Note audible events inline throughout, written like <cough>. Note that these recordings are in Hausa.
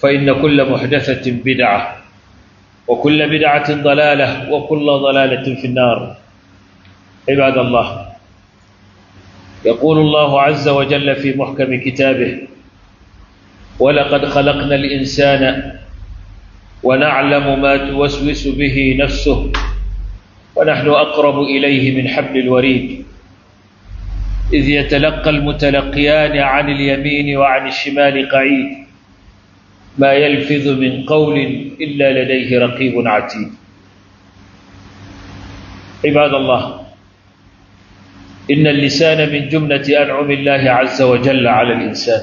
فإن كل محدثة بدعة وكل بدعة ضلالة وكل ضلالة في النار عباد الله يقول الله عز وجل في محكم كتابه ولقد خلقنا الإنسان ونعلم ما توسوس به نفسه ونحن أقرب إليه من حبل الوريد إذ يتلقى المتلقيان عن اليمين وعن الشمال قعيد ما يلفظ من قول إلا لديه رقيب عتيد عباد الله إن اللسان من جملة أنعم الله عز وجل على الإنسان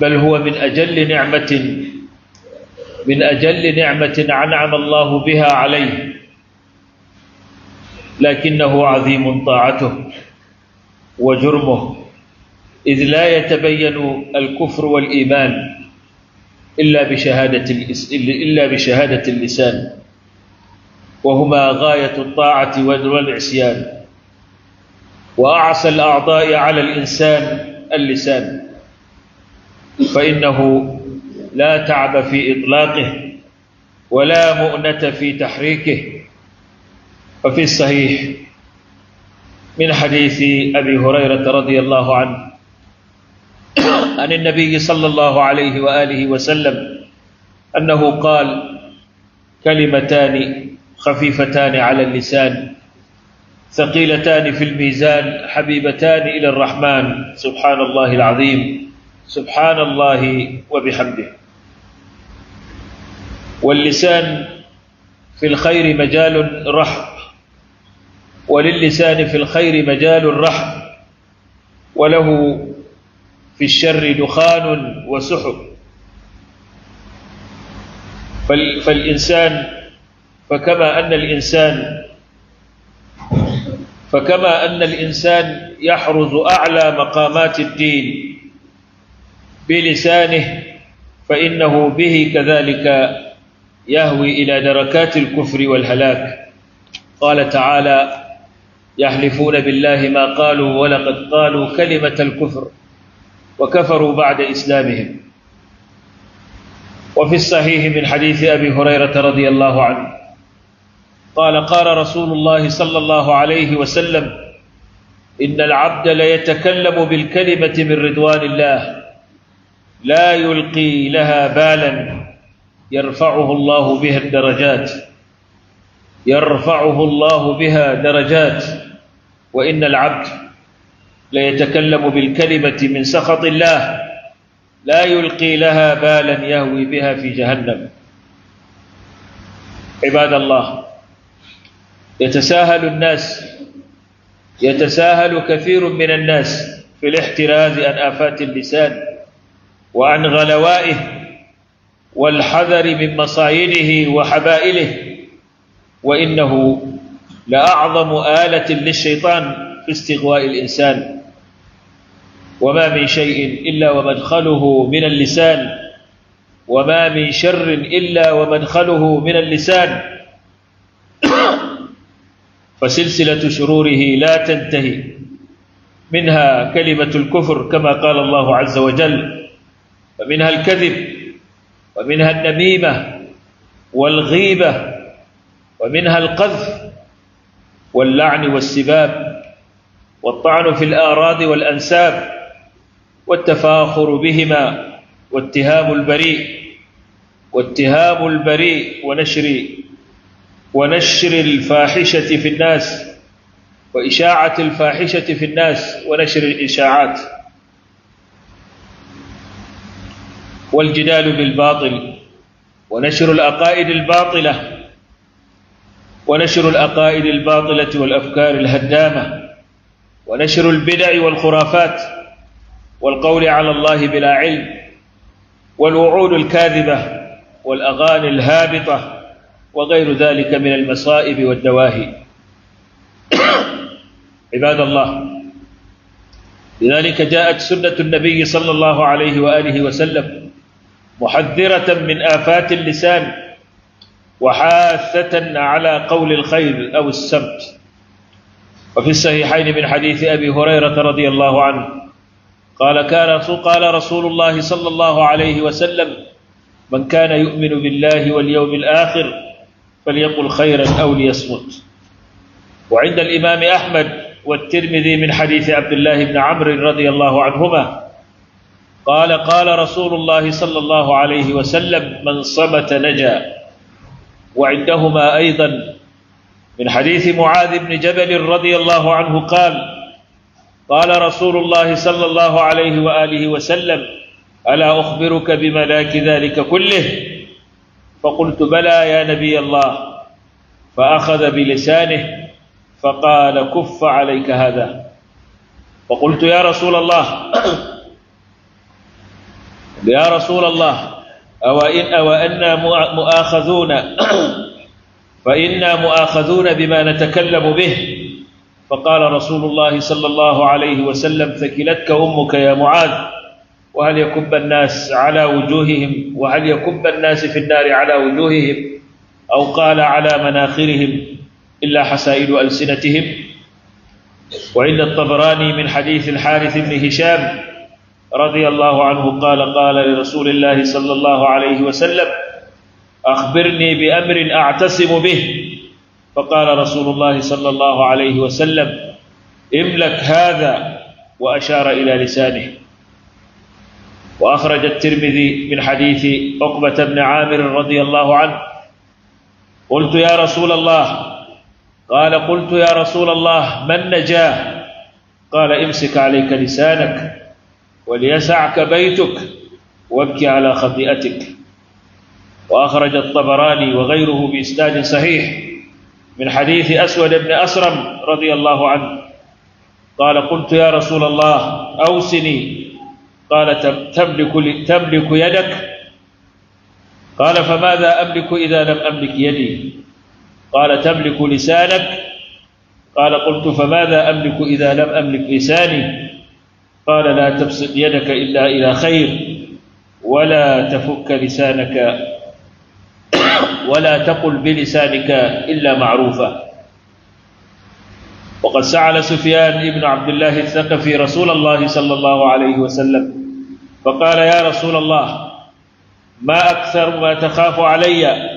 بل هو من أجل نعمة من أجل نعمة أنعم الله بها عليه لكنه عظيم طاعته وجرمه إذ لا يتبين الكفر والإيمان إلا بشهادة إلا بشهادة اللسان وهما غاية الطاعة والعصيان وأعسى الأعضاء على الإنسان اللسان فإنه لا تعب في إطلاقه ولا مؤنة في تحريكه وفي الصحيح من حديث أبي هريرة رضي الله عنه عن النبي صلى الله عليه وآله وسلم أنه قال كلمتان خفيفتان على اللسان ثقيلتان في الميزان حبيبتان إلى الرحمن سبحان الله العظيم سبحان الله وبحمده واللسان في الخير مجال رحب وللسان في الخير مجال رحب وله في الشر دخان وسحب فالإنسان فكما أن الإنسان فكما أن الإنسان يحرز أعلى مقامات الدين بلسانه فإنه به كذلك يهوي إلى دركات الكفر والهلاك قال تعالى يحلفون بالله ما قالوا ولقد قالوا كلمة الكفر وكفروا بعد إسلامهم وفي الصحيح من حديث أبي هريرة رضي الله عنه قال قال رسول الله صلى الله عليه وسلم إن العبد ليتكلم بالكلمة من رضوان الله لا يلقي لها بالا يرفعه الله بها الدرجات يرفعه الله بها درجات وإن العبد ليتكلم بالكلمة من سخط الله لا يلقي لها بالا يهوي بها في جهنم عباد الله يتساهل الناس يتساهل كثير من الناس في الاحتراز عن آفات اللسان وعن غلوائه والحذر من مصايده وحبائله وإنه لأعظم آلة للشيطان في استغواء الإنسان وما من شيء إلا ومدخله من اللسان وما من شر إلا ومدخله من اللسان <coughs> فسلسلة شروره لا تنتهي منها كلمة الكفر كما قال الله عز وجل ومنها الكذب ومنها النميمة والغيبة ومنها القذف واللعن والسباب والطعن في الآراض والأنساب والتفاخر بهما واتهام البريء واتهام البريء ونشر ونشر الفاحشة في الناس وإشاعة الفاحشة في الناس ونشر الإشاعات والجدال بالباطل ونشر الأقائد الباطلة ونشر الأقائد الباطلة والأفكار الهدامة ونشر البدع والخرافات والقول على الله بلا علم والوعود الكاذبة والأغاني الهابطة وغير ذلك من المصائب والدواهي <coughs> عباد الله لذلك جاءت سنة النبي صلى الله عليه وآله وسلم محذرة من آفات اللسان وحاثة على قول الخير أو السمت وفي الصحيحين من حديث أبي هريرة رضي الله عنه قال كان قال رسول الله صلى الله عليه وسلم من كان يؤمن بالله واليوم الآخر فليقل خيرا أو ليصمت وعند الإمام أحمد والترمذي من حديث عبد الله بن عمرو رضي الله عنهما قال قال رسول الله صلى الله عليه وسلم من صمت نجا وعندهما أيضا من حديث معاذ بن جبل رضي الله عنه قال قال رسول الله صلى الله عليه وآله وسلم ألا أخبرك بملاك ذلك كله فقلت بلى يا نبي الله فأخذ بلسانه فقال كف عليك هذا فقلت يا رسول الله <clears throat> يا رسول الله أو إن أو أنا مؤاخذون <clears throat> فإنا مؤاخذون بما نتكلم به فقال رسول الله صلى الله عليه وسلم ثكلتك أمك يا معاذ وهل يكب الناس على وجوههم وهل يكب الناس في النار على وجوههم أو قال على مناخرهم إلا حسائل ألسنتهم وعند الطبراني من حديث الحارث بن هشام رضي الله عنه قال قال لرسول الله صلى الله عليه وسلم أخبرني بأمر أعتصم به فقال رسول الله صلى الله عليه وسلم املك هذا وأشار إلى لسانه وأخرج الترمذي من حديث عقبة بن عامر رضي الله عنه قلت يا رسول الله قال قلت يا رسول الله من نجاه قال امسك عليك لسانك وليسعك بيتك وابكي على خطيئتك وأخرج الطبراني وغيره بإسناد صحيح من حديث أسود بن أسرم رضي الله عنه قال قلت يا رسول الله أوسني قال تملك, تملك يدك قال فماذا أملك إذا لم أملك يدي قال تملك لسانك قال قلت فماذا أملك إذا لم أملك لساني قال لا تبسط يدك إلا إلى خير ولا تفك لسانك ولا تقل بلسانك إلا معروفا وقد سأل سفيان بن عبد الله الثقفي رسول الله صلى الله عليه وسلم فقال يا رسول الله ما أكثر ما تخاف علي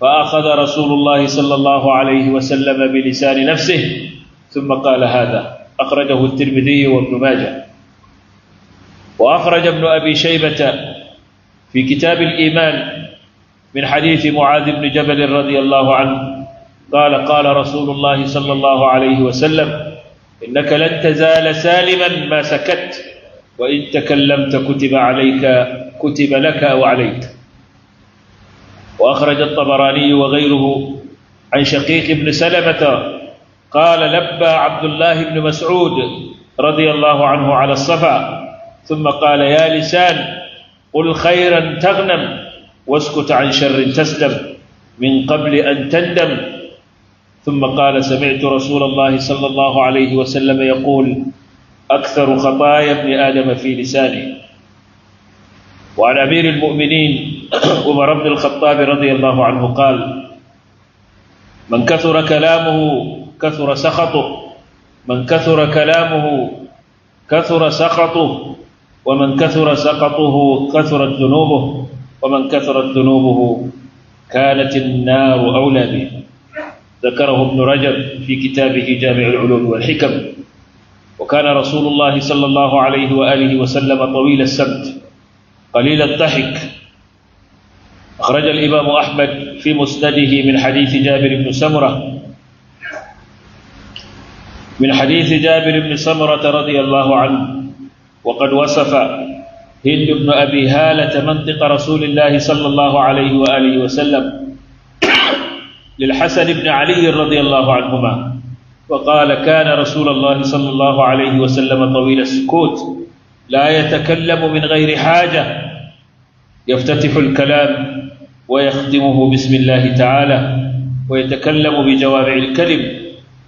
فأخذ رسول الله صلى الله عليه وسلم بلسان نفسه ثم قال هذا أخرجه الترمذي وابن ماجه وأخرج ابن أبي شيبة في كتاب الإيمان من حديث معاذ بن جبل رضي الله عنه قال قال رسول الله صلى الله عليه وسلم إنك لن تزال سالما ما سكت وإن تكلمت كتب عليك كتب لك وعليك وأخرج الطبراني وغيره عن شقيق بن سلمة قال لبى عبد الله بن مسعود رضي الله عنه على الصفا ثم قال يا لسان قل خيرا تغنم واسكت عن شر تسلم من قبل أن تندم ثم قال سمعت رسول الله صلى الله عليه وسلم يقول أكثر خطايا ابن آدم في لسانه وعن أمير المؤمنين <clears throat> عمر بن الخطاب رضي الله عنه قال من كثر كلامه كثر سخطه من كثر كلامه كثر سخطه ومن كثر سخطه كثرت ذنوبه ومن كثرت ذنوبه كانت النار أولى به ذكره ابن رجب في كتابه جامع العلوم والحكم وكان رسول الله صلى الله عليه وآله وسلم طويل السبت قليل الضحك أخرج الإمام أحمد في مسنده من حديث جابر بن سمرة من حديث جابر بن سمرة رضي الله عنه وقد وصف هند بن أبي هالة منطق رسول الله صلى الله عليه وآله وسلم للحسن بن علي رضي الله عنهما وقال كان رسول الله صلى الله عليه وسلم طويل السكوت لا يتكلم من غير حاجة يفتتح الكلام ويختمه بسم الله تعالى ويتكلم بجوامع الكلم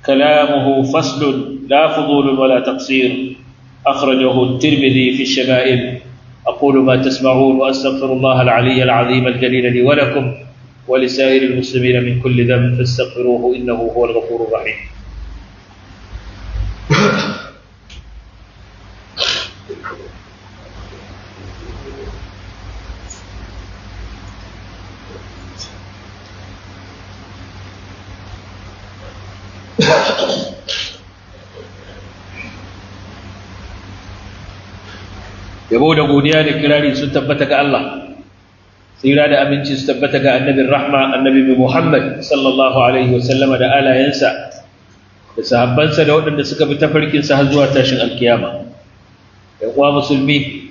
كلامه فصل لا فضول ولا تقصير أخرجه الترمذي في الشمائل أقول ما تسمعون وأستغفر الله العلي العظيم الجليل لي ولكم ولسائر المسلمين من كل ذنب فاستغفروه إنه هو الغفور الرحيم yabo da godiya da kirari sun tabbata ga Allah tsira da aminci su tabbata ga annabin rahma annabi Muhammad sallallahu alaihi wasallama da alayensa da sahabbansa da waɗanda suka bi tafarkinsa har zuwa tashin alkiyama yan uwa musulmi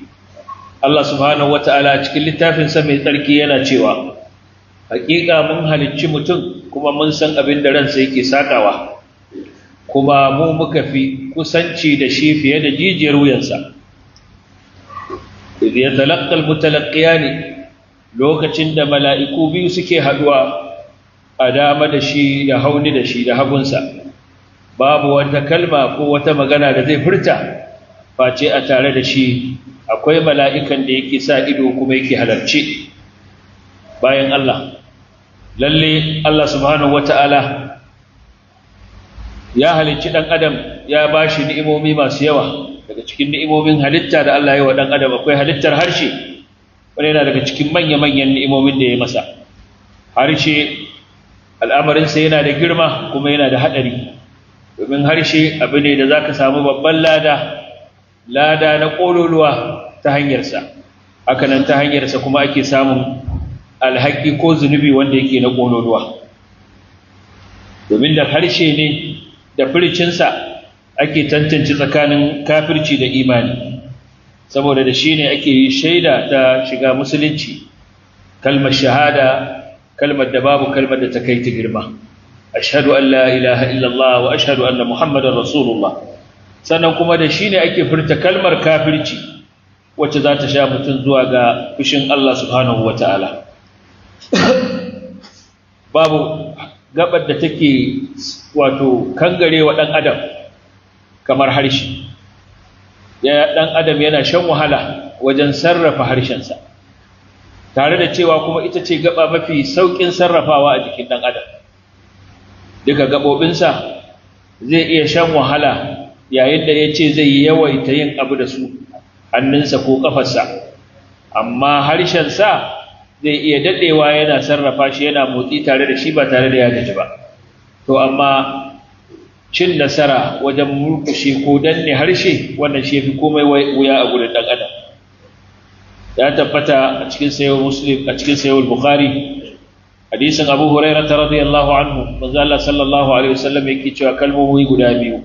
Allah subhanahu a cikin littafinsa mai tsarki yana cewa hakika mun halicci mutum kuma mun san abin da ransa yake sakawa kuma mu muka fi kusanci da shi fiye da jijiyar wuyansa ya talakkal mutalakkiya ne lokacin da mala'iku biyu suke haduwa a dama da shi da hauni da shi da hagunsa babu wata kalma ko wata magana da zai furta face a tare da shi akwai mala'ikan da yake sa ido kuma yake halarci bayan Allah lalle Allah subhanahu wata'ala ya halicci ɗan adam ya bashi ni'imomi masu yawa daga cikin ni'imomin halitta da Allah ya wa dan adam akwai halittar harshe wanda yana daga cikin manya-manyan ni'imomin da ya masa harshe al'amarinsa yana da girma kuma yana da haɗari domin harshe abu ne da za ka samu babban lada lada na ƙololuwa ta hanyarsa hakanan ta hanyarsa kuma ake samun alhaki ko zunubi wanda yake na ƙololuwa domin da harshe ne da firicinsa ake tantance tsakanin kafirci da imani saboda da shi ne ake yi shaida ta shiga musulunci kalmar shahada kalmar da babu kalmar da ta kai ta girma ashhadu an la ilaha illallah wa ashhadu anna muhammadar rasulullah sannan kuma da shi ne ake furta kalmar kafirci wacce za ta sha mutum zuwa ga fushin Allah subhanahu wa ta'ala babu gabar da take wato kangare wa ɗan adam kamar harshe ɗan adam yana shan wahala wajen sarrafa harshensa tare da cewa kuma ita ce gaba mafi sauƙin sarrafawa a jikin ɗan adam duka gaɓoɓinsa zai iya shan wahala yayin da ya ce zai yi yawaita yin abu da su hannunsa ko ƙafarsa amma harshen sa zai iya daɗewa yana sarrafa shi yana motsi tare da shi ba tare da ya gaji ba to amma cin nasara wajen murkushe ko danne harshe wannan shi fi komai wuya a gurin ɗan adam ya tabbata a cikin sayyid muslim a cikin sayyid bukhari hadisin abu hurairah radiyallahu anhu manzo Allah sallallahu alaihi wasallam yake cewa kalmomi guda biyu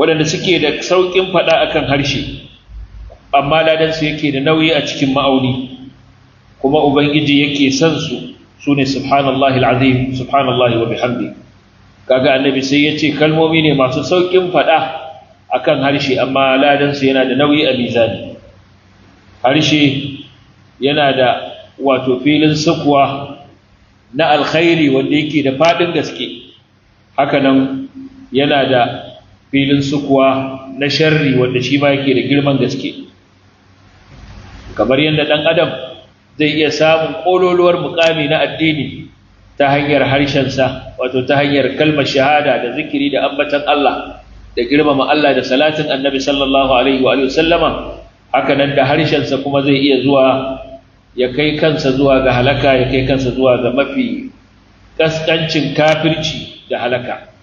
waɗanda suke da saukin fada akan harshe amma ladan su yake da nauyi a cikin ma'auni kuma ubangiji yake son su sune subhanallahi alazim subhanallahi wa bihamdihi kaga annabi sai ya ce kalmomi ne masu saukin faɗa akan harshe amma ladansu yana da nauyi a mizani harshe yana da wato filin sukuwa na alkhairi wanda yake da faɗin gaske hakanan yana da filin sukuwa na sharri wanda shi ma yake da girman gaske kamar yadda ɗan adam zai iya samun ƙololuwar mukami na addini ta hanyar harshen sa. wato ta hanyar kalmar shahada da zikiri da ambatan Allah da girmama Allah da salatin annabi sallallahu alaihi wa sallama haka nan da harshensa kuma zai iya zuwa ya kai kansa zuwa ga halaka ya kai kansa zuwa ga mafi kaskancin kafirci da halaka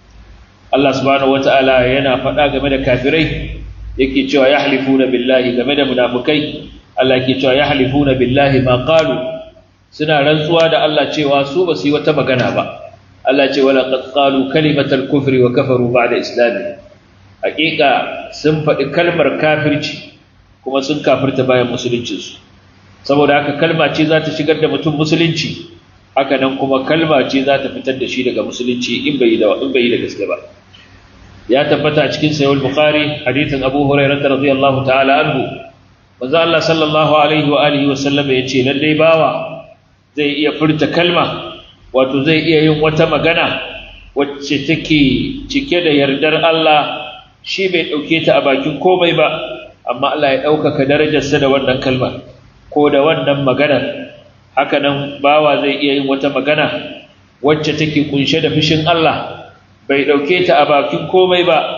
Allah subhanahu wata'ala yana faɗa game da kafirai yake cewa halifuna billahi game da munafukai Allah ke cewa yahlifuna billahi ma qalu suna rantsuwa da Allah cewa su ba su yi wata magana ba Allah ce wala qad qalu kalimatal kufri wa kafaru ba'da islami Haƙiƙa sun faɗi kalmar kafirci kuma sun kafirta bayan musuluncinsu saboda haka kalma ce za ta shigar da mutum musulunci haka nan kuma kalma ce za ta fitar da shi daga musulunci in bai da in bai da gaske ba ya tabbata a cikin sahih al-bukhari hadithin abu hurairah radiyallahu ta'ala anhu manzo Allah sallallahu alaihi wa alihi wa sallam yace lalle bawa zai iya furta kalma wato zai iya yin wata magana wacce take cike da yardar Allah shi bai ɗauke ta a bakin komai ba amma Allah ya ɗaukaka darajarsa da wannan kalmar ko da wannan maganar haka nan bawa zai iya yin wata magana wacce take kunshe da fushin Allah bai ɗauke ta a bakin komai ba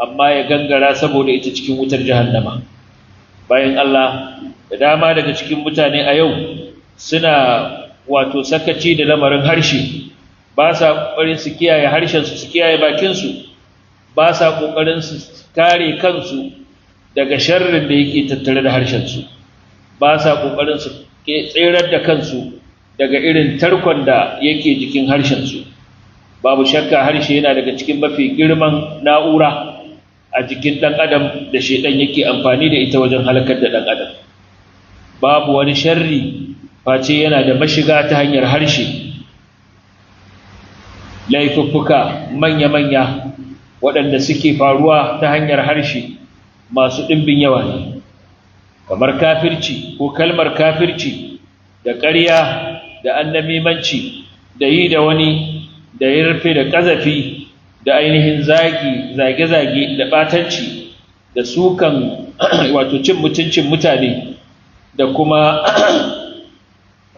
amma ya gangara saboda ita cikin wutar jahannama bayan Allah da dama daga cikin mutane a yau suna wato sakaci da lamarin harshe ba sa ƙoƙarin su kiyaye harshensu su kiyaye bakinsu ba sa ƙoƙarin su kare kansu daga sharrin da yake tattare da harshensu ba sa ƙoƙarin su tserar da kansu daga irin tarkon da yake jikin harshensu babu shakka harshe yana daga cikin mafi girman na'ura a jikin ɗan adam da shaidan yake amfani da ita wajen halakar da ɗan adam babu wani sharri face yana da mashiga ta hanyar harshe laifuffuka manya-manya waɗanda suke faruwa ta hanyar harshe masu ɗimbin yawa kamar kafirci ko kalmar kafirci da ƙarya da annamimanci da yi da wani da ya rufe da ƙazafi da ainihin zage-zage da ɓatanci da sukan <clears throat> wato cin mutuncin mutane da kuma <clears throat>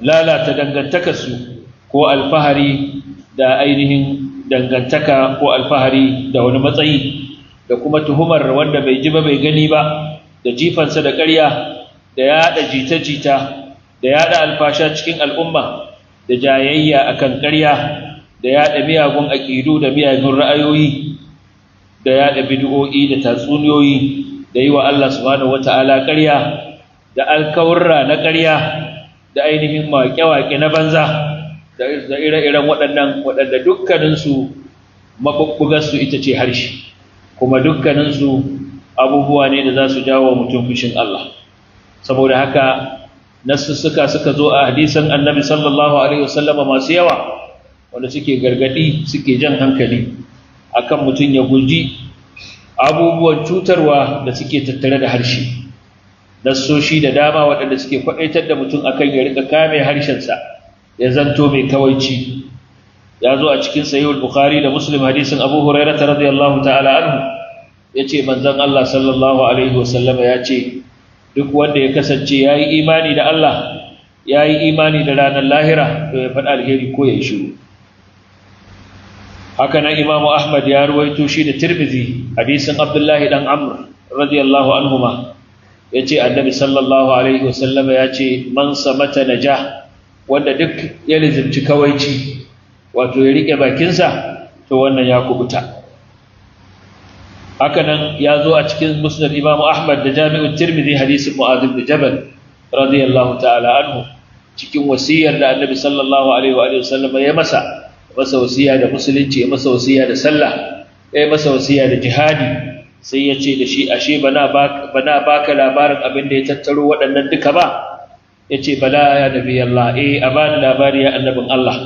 lalata dangantakarsu ko alfahari da ainihin dangantaka ko alfahari da wani matsayi da kuma tuhumar wanda bai ji ba bai gani ba da jifansa da ƙarya da yaɗa jita-jita da yaɗa alfasha cikin al'umma da jayayya akan ƙarya da yaɗa miyagun aƙidu da miyagun ra'ayoyi da yaɗa bid'o'i da tatsuniyoyi da yi wa Allah subhanahu wata'ala ƙarya da alkawurra na ƙarya da ainihin waƙe-waƙe na banza da ire-iren waɗannan waɗanda dukkaninsu maɓuɓɓugarsu ita ce harshe kuma dukkaninsu abubuwa ne da za su jawo mutum fushin Allah saboda haka nasussuka suka zo a hadisan annabi sallallahu alaihi wasallama masu yawa wanda suke gargaɗi suke jan hankali akan mutum ya guji abubuwan cutarwa da suke tattare da harshe nassoshi da dama waɗanda suke kwaɗaitar da mutum akan ya rika kame harshensa ya zanto mai kawaici ya zo a cikin sahihul bukhari da muslim hadisin abu hurairah radiyallahu ta'ala anhu yace manzon Allah sallallahu alaihi wasallama ce. duk wanda ya kasance yayi imani da Allah yayi imani da ranar lahira to ya faɗa alheri ko ya shiru haka nan Imam Ahmad ya ruwaito shi da Tirmidhi hadisin Abdullahi dan Amr radiyallahu anhuma ya ce annabi sallallahu alaihi wasallama ya ce mansa mata naja wanda duk ya lizimci kawaici wato ya riƙe bakinsa to wannan ya kubuta hakanan ya zo a cikin musnad imamu ahmad da jami'ul tirmidhi hadisin mu'adh ibn jabal radiyallahu ta'ala anhu cikin wasiyar da annabi sallallahu alaihi wa ya masa masa wasiya da musulunci ya masa wasiya da sallah ya masa wasiya da jihadi sai ya ce da shi ashe bana baka labarin abin da ya tattaro waɗannan duka ba ya ce bala ya nabi Allah eh a bani labari ya annabin Allah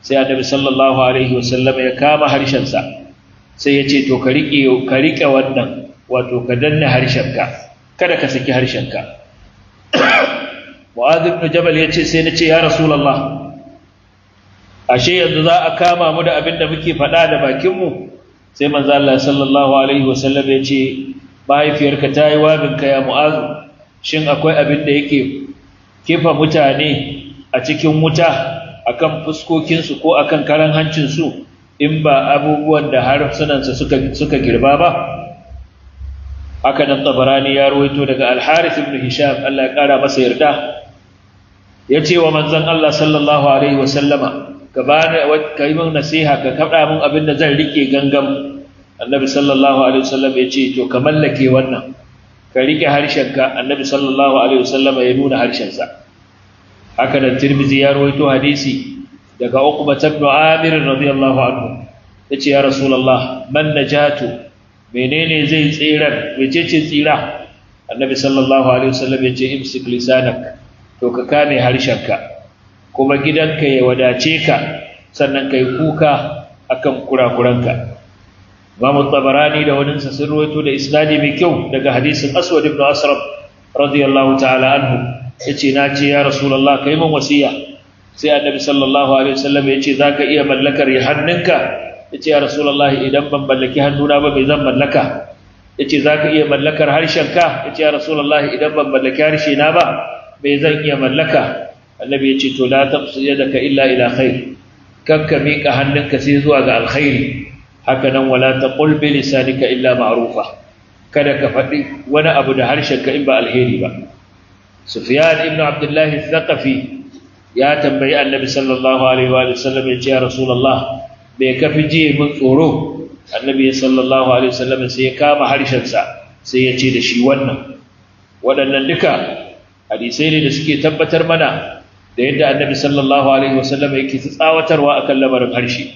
sai annabi sallallahu alaihi wasallam ya kama harshensa sai ya ce to ka riƙe wannan wato ka danna harshenka kada ka saki harshenka mu'adh ibn jabal ce sai na ce ya rasulullah ashe yanzu za a kama mu da abin da muke faɗa da bakinmu? mu sai manzo Allah sallallahu alaihi wasallam ya ce mahaifiyarka ta yi wabinka ya mu'azu shin akwai abin da yake kifa mutane a cikin wuta akan fuskokinsu ko akan karan hancin su in ba abubuwan da harsunansa suka suka girba ba haka nan tabarani ya ruwaito daga al-harith ibn hisham Allah ya kara masa yarda yace wa manzon Allah sallallahu alaihi wasallama ka bani ka yi min nasiha ka kaɗa min abin da zan riƙe gangan annabi sallallahu alaihi wasallam ya ce to ka mallake wannan ka riƙe harshenka annabi sallallahu alaihi wasallam ya nuna harshensa haka da tirmizi ya rawaito hadisi daga uku uqba ibn amir radiyallahu anhu yace ya rasulullah man najatu menene zai tsira wace ce tsira annabi sallallahu alaihi wasallam yace imsik lisanak to ka kame harshenka kuma gidanka ya wadace ka sannan kai kuka akan kurakuranka Imam Tabarani da waninsa sun ruwaito da isnadi mai kyau daga hadisin Aswad ibn Asram radiyallahu ta'ala anhu ce na ce ya ka yi min wasiya sai Annabi sallallahu alaihi wasallam za ka iya mallakar ya hannunka Ya ce ya Rasulullah idan ban mallaki hannuna ba bai zan mallaka Ya ce za ka iya mallakar harshenka Ya ce ya Rasulullah idan ban mallaki harshe ba bai zan iya mallaka annabi ya ce to la da ka illa ila khair kakka miƙa hannunka sai zuwa ga alkhairi haka nan wala taqul bi lisanika illa ma'rufa kada ka faɗi wani abu da harshenka in ba alheri ba sufiyan ibn abdullah al-thaqafi ya tambayi annabi sallallahu alaihi wa sallam ya ce ya rasulullah bai kafi ji min tsoro annabi sallallahu alaihi wasallam sai ya kama harshensa sai ya ce da shi wannan waɗannan duka hadisai ne da suke tabbatar mana da yadda annabi sallallahu alaihi wasallam yake tsawatarwa akan lamarin harshe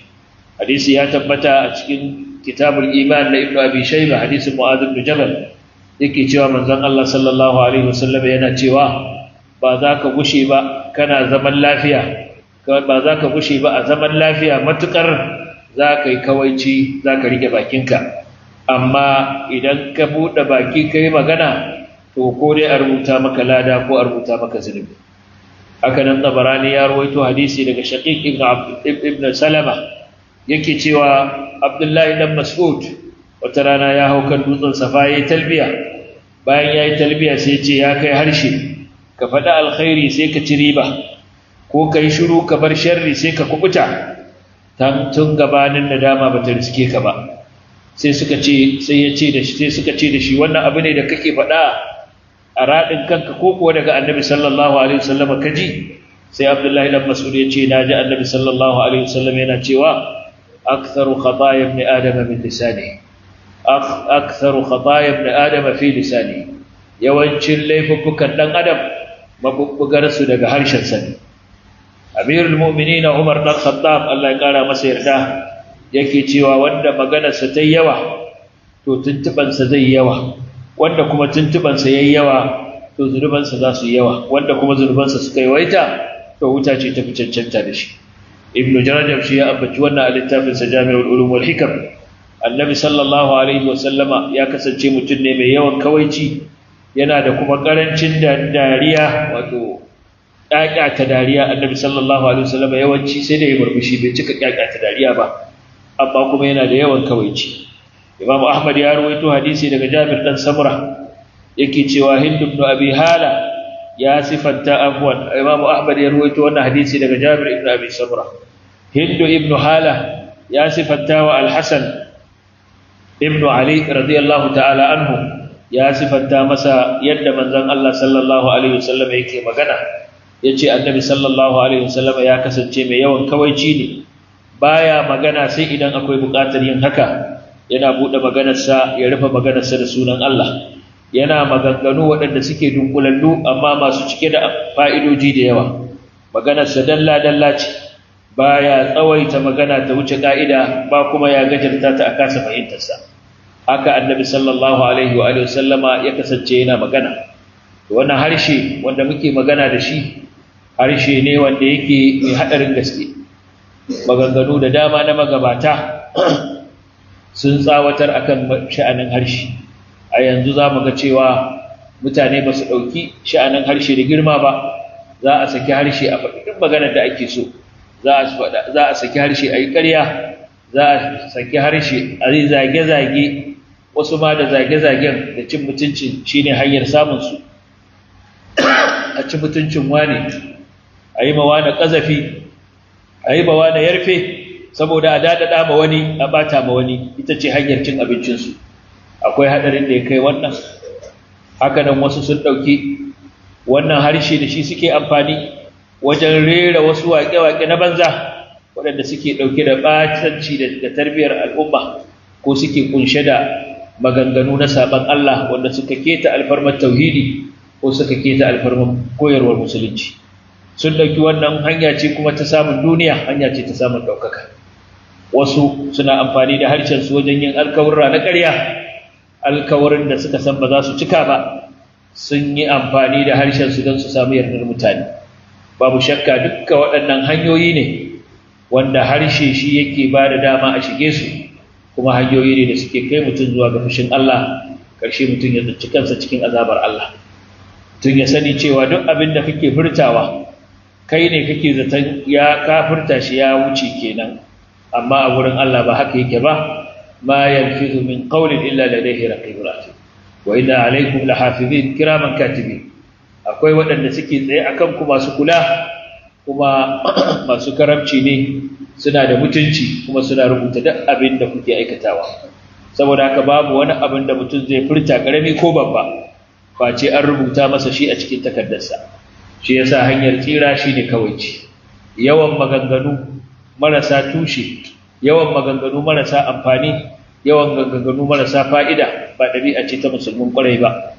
hadisi ya tabbata a cikin kitabul iman na ibnu abi shayba hadisin mu'adh ibn jabal yake cewa manzon Allah sallallahu alaihi wasallam yana cewa ba za ka gushe ba kana zaman lafiya ba za ka gushe ba a zaman lafiya matukar za ka yi kawaici za ka rike bakinka amma idan ka buɗe baki ka yi magana to ko dai a rubuta maka lada ko a rubuta maka zunubi haka nan tabarani ya rawaito hadisi daga shaqiq ibn ibn salama yake cewa abdullahi ibn mas'ud wata rana ya hau kan dutsen safa yayi talbiya bayan yayi talbiya sai ce ya kai harshe ka faɗi alkhairi sai ka ci riba ko kai shiru ka bar sharri sai ka kubuta tun gabanin nadama ba ta riske ka ba sai suka ce sai ya ce da shi sai suka ce da shi wannan abu ne da kake faɗa a raɗin kanka ko kuwa daga annabi sallallahu alaihi ka ji sai abdullahi dan mas'ud ya ce na ji annabi sallallahu alaihi yana cewa aksaru khataya ibn adam min lisani aktharu khataya fi lisani yawancin laifukan ɗan adam mabubbugar su daga harshen Sani. ne amirul na umar ɗan khattab Allah ya kara masa yarda yake cewa wanda maganarsa ta yawa to tuntubansa zai yawa wanda kuma tuntubansa yayi yawa to zunubansa za su yi yawa wanda kuma zunubansa suka yawaita to wuta ce ta fi cancanta da shi ibn jarajab shi ya ambaci wannan a littafin sa jami'ul ulum wal hikam annabi sallallahu alaihi wa sallama ya kasance mutum ne mai yawan kawaici yana da kuma karancin dariya wato ta dariya annabi sallallahu alaihi wa sallama yawanci sai da ya murmushi bai cika ta dariya ba amma kuma yana da yawan kawaici imamu ahmad ya rawaito hadisi daga jabir dan samura yake cewa hind ibn abi hala ya sifanta afwan imamu ahmad ya rawaito wannan hadisi daga jabir ibn abi samura hind ibn hala ya sifanta wa al-hasan ibn ali radiyallahu ta'ala anhu ya sifanta masa yadda manzon Allah sallallahu alaihi wasallam yake magana yace annabi sallallahu alaihi wasallam ya kasance mai yawan kawaici ne baya magana sai idan akwai buƙatar yin haka yana buɗe maganarsa ya rufe maganarsa da sunan Allah yana maganganu waɗanda suke dunkulallu amma masu cike da fa'idoji da yawa maganarsa dalla-dalla ce ba ya tsawaita magana ta wuce ƙa'ida ba kuma ya gajarta ta a kasa fahimtarsa haka annabi sallallahu alaihi wa sallama ya kasance yana magana wannan harshe wanda muke magana da shi harshe ne wanda yake mai haɗarin gaske maganganu da dama na magabata sun tsawatar akan sha'anin harshe a yanzu za mu ga cewa mutane ba su ɗauki sha'anin harshe da girma ba za a saki harshe a faɗi duk maganar da ake so za a saki harshe a yi ƙarya za a saki harshe a yi zage-zage wasu ma da zage-zagen da cin mutuncin shi ne hanyar samunsu a cin mutuncin wane a yi mawa na ƙazafi a yi mawa na yarfe saboda a daɗaɗa ma wani a ɓata ma wani ita ce hanyar cin abincinsu akwai haɗarin da ya kai wannan haka nan wasu sun ɗauki wannan harshe da shi suke amfani wajen rera wasu wake-wake na banza waɗanda suke ɗauke da ɓatanci da tarbiyyar al'umma ko suke kunshe da maganganu na saban Allah wanda suka keta alfarmar tauhidi ko suka keta alfarmar koyarwar musulunci sun ɗauki wannan hanya ce kuma ta samun duniya hanya ce ta samun ɗaukaka wasu suna amfani da harshen su wajen yin alkawurra na ƙarya alkawarin da suka san ba za su cika ba sun yi amfani da harshen su don su samu yardar mutane babu shakka dukkan waɗannan hanyoyi ne wanda harshe shi yake ba da dama a shige su kuma hanyoyi ne da suke kai mutum zuwa ga fushin Allah ƙarshe mutum ya tsinci kansa cikin azabar Allah tun ya sani cewa duk abin da kake furtawa kai ne kake zaton ya kafirta shi ya wuce kenan amma a wurin Allah ba haka yake ba ma yalfizu min qawlin illa ladayhi raqibul atid wa inna alaykum lahafizin kiraman katibi. akwai waɗanda suke tsaye akan ku masu kula kuma <clears throat> masu karamci ne suna da mutunci kuma suna rubuta duk abin da kuke aikatawa saboda haka babu wani abin da mutum zai furta karami ko babba face an rubuta masa shi a cikin takardarsa shi yasa hanyar tsira shi ne kawai ce. yawan maganganu marasa tushe yawan maganganu marasa amfani yawan maganganu marasa fa'ida ba ɗabi'a ce ta musulmin ƙwarai ba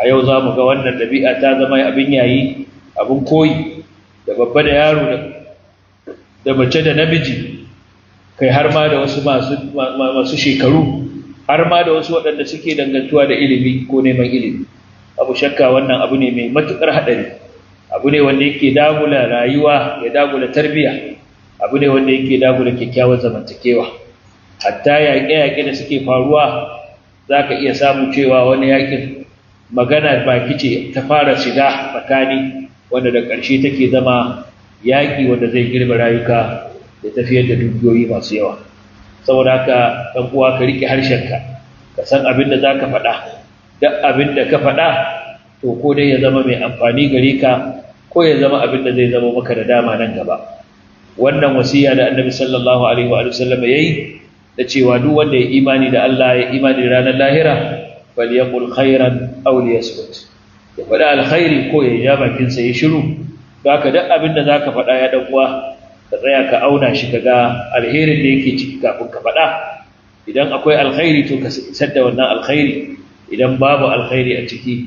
a yau za mu ga wannan ɗabi'a ta zama abin yayi abin koyi da babba da yaro da mace da namiji kai har ma da wasu masu shekaru har ma da wasu waɗanda suke dangantuwa da ilimi ko neman ilimi abu shakka wannan abu ne mai matuƙar haɗari abu ne wanda yake dagula rayuwa ya dagula tarbiyya abu ne wanda yake da kyakkyawar zamantakewa hatta yaƙe-yaƙe da suke faruwa za ka iya samu cewa wani yaƙin magana baki ce ta fara shiga tsakani wanda da ƙarshe take zama yaƙi wanda zai girma rayuka da tafiyar da dukiyoyi masu yawa saboda haka ɗan uwa ka riƙe harshenka ka san abin da za ka faɗa duk abin da ka faɗa to ko dai ya zama mai amfani gare ka ko ya zama abin da zai zama maka da dama nan gaba wannan wasiya da annabi sallallahu alaihi wa sallam yayi da cewa duk wanda ya imani da Allah ya imani ranar lahira falyaqul khairan aw liyasmut ya faɗa alkhairi ko ya ja bakin sa ya shiru haka duk abin da zaka faɗa ya dan uwa ka tsaya ka auna shi kaga alherin da yake ciki kafin ka faɗa idan akwai alkhairi to ka isar da wannan alkhairi idan babu alkhairi a ciki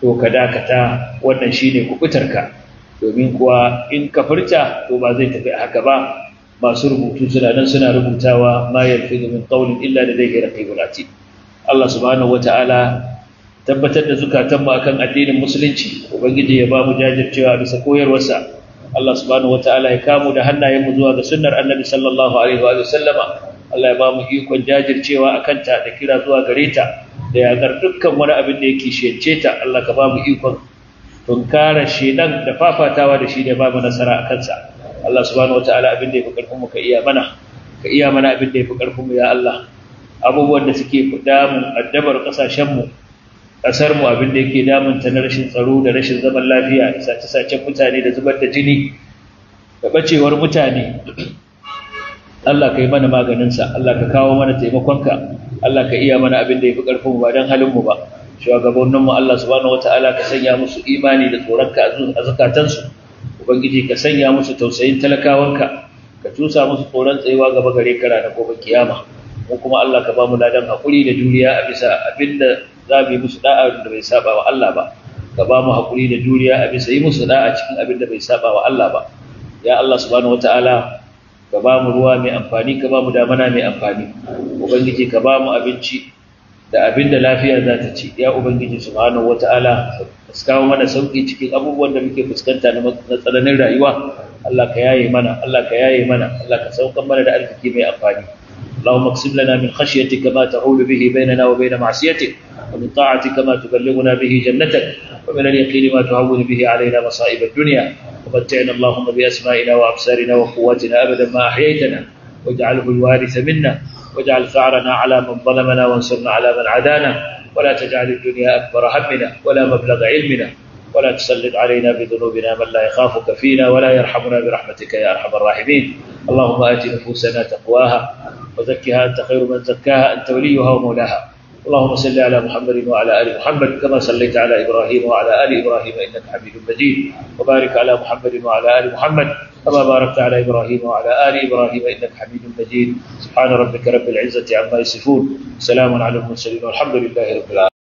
to ka dakata wannan shine kubutarka domin kuwa in ka furta to ba zai tafi haka ba masu rubutu suna nan suna rubutawa ma yarfi min illa da dai raqibul atid Allah subhanahu wataala tabbatar da zukatanmu akan addinin musulunci ubangiji ya ba mu jajircewa a bisa koyarwarsa Allah subhanahu wataala ya kamo da hannayenmu zuwa ga sunnar annabi sallallahu alaihi wa sallama Allah ya ba mu ikon jajircewa akan ta da kira zuwa gare ta da yaƙar dukkan wani abin da yake shiyance ta Allah ka ba mu ikon shi shedan da fafatawa da shi da babu nasara a kansa Allah subhanahu wataala abin da yafi karfin mu ka iya mana ka iya mana abin da yafi karfin mu ya Allah abubuwan da suke damun addabar kasashen mu kasar mu abin da yake damun ta na rashin tsaro da rashin zaman lafiya da sace mutane da zubar da jini da bacewar mutane Allah ka yi mana maganinsa Allah ka kawo mana taimakonka Allah ka iya mana abin da ya fi ƙarfinmu ba dan halin mu ba shugabanninmu Allah subhanahu wataala ka sanya musu imani da tsoronka a zakatansu ubangiji ka sanya musu tausayin talakawanka ka cusa musu tsoron tsayuwa gaba gare ka ranar gobe kiyama mu kuma Allah ka ba mu ladan hakuri da juriya a bisa abinda za mu yi musu da'a da bai saba wa Allah ba ka ba mu hakuri da juriya a bisa yi musu da'a cikin abinda bai saba wa Allah ba ya Allah subhanahu wataala ka ba mu ruwa mai amfani ka ba mu damana mai amfani ubangiji ka ba mu abinci da abin da lafiya za ta ci ya ubangiji subhanahu wata'ala ka kawo mana sauki cikin abubuwan da muke fuskanta na tsananin rayuwa Allah ka yaye mana Allah ka yaye mana Allah ka saukan mana da arziki mai amfani اللهم اقسم لنا من خشيتك ما تحول به بيننا وبين معصيتك ومن طاعتك ما تبلغنا به جنتك ومن اليقين ما تهون به علينا مصائب الدنيا ومتعنا اللهم بأسمائنا وأبصارنا وقواتنا أبدا ما أحييتنا واجعله الوارث منا واجعل ثأرنا على من ظلمنا وانصرنا على من عدانا ولا تجعل الدنيا أكبر همنا ولا مبلغ علمنا ولا تسلط علينا بذنوبنا من لا يخافك فينا ولا يرحمنا برحمتك يا أرحم الراحمين اللهم آت نفوسنا تقواها وزكها أنت خير من زكاها أنت وليها ومولاها اللهم صل على محمد وعلى ال محمد كما صليت على ابراهيم وعلى ال ابراهيم انك حميد مجيد وبارك على محمد وعلى ال محمد كما باركت على ابراهيم وعلى ال ابراهيم انك حميد مجيد سبحان ربك رب العزه عما يصفون سلام على المرسلين والحمد لله رب العالمين